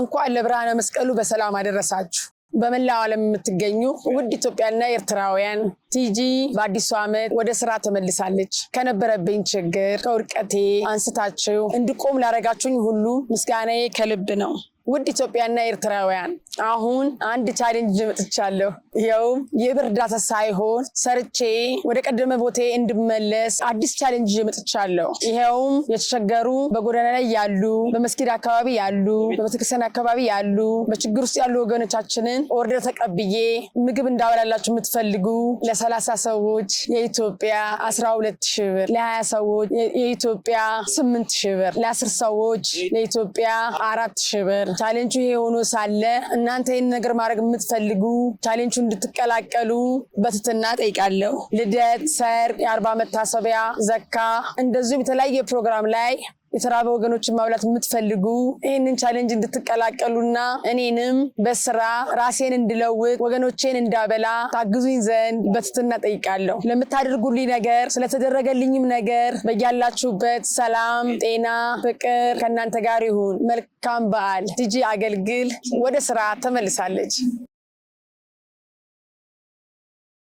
እንኳን ለብርሃነ መስቀሉ በሰላም አደረሳችሁ። በመላው ዓለም የምትገኙ ውድ ኢትዮጵያና ኤርትራውያን ቲጂ በአዲሱ ዓመት ወደ ስራ ተመልሳለች። ከነበረብኝ ችግር ከውድቀቴ አንስታችሁ እንድቆም ላደረጋችሁኝ ሁሉ ምስጋናዬ ከልብ ነው። ውድ ኢትዮጵያና ኤርትራውያን አሁን አንድ ቻሌንጅ መጥቻለሁ። ይኸውም የብር እርዳታ ሳይሆን ሰርቼ ወደ ቀደመ ቦቴ እንድመለስ አዲስ ቻሌንጅ መጥቻለሁ። ይኸውም የተቸገሩ በጎዳና ላይ ያሉ፣ በመስጊድ አካባቢ ያሉ፣ በቤተክርስቲያን አካባቢ ያሉ፣ በችግር ውስጥ ያሉ ወገኖቻችንን ኦርደር ተቀብዬ ምግብ እንዳበላላችሁ የምትፈልጉ ለሰላሳ ሰዎች የኢትዮጵያ አስራ ሁለት ሺህ ብር፣ ለሀያ ሰዎች የኢትዮጵያ ስምንት ሺህ ብር፣ ለአስር ሰዎች የኢትዮጵያ አራት ሺህ ብር ቻሌንጁ ይሄ ሆኖ ሳለ እናንተ ይህን ነገር ማድረግ የምትፈልጉ ቻሌንጁ እንድትቀላቀሉ በትትና ጠይቃለሁ። ልደት፣ ሰርግ፣ የአርባ መታሰቢያ፣ ዘካ እንደዚሁም የተለያየ ፕሮግራም ላይ የተራበ ወገኖችን ማብላት የምትፈልጉ ይህንን ቻሌንጅ እንድትቀላቀሉና እኔንም በስራ ራሴን እንድለውጥ ወገኖቼን እንዳበላ ታግዙኝ ዘንድ በትትና ጠይቃለሁ። ለምታደርጉልኝ ነገር ስለተደረገልኝም ነገር በያላችሁበት ሰላም፣ ጤና፣ ፍቅር ከእናንተ ጋር ይሁን። መልካም በዓል። ቲጂ አገልግል ወደ ስራ ተመልሳለች።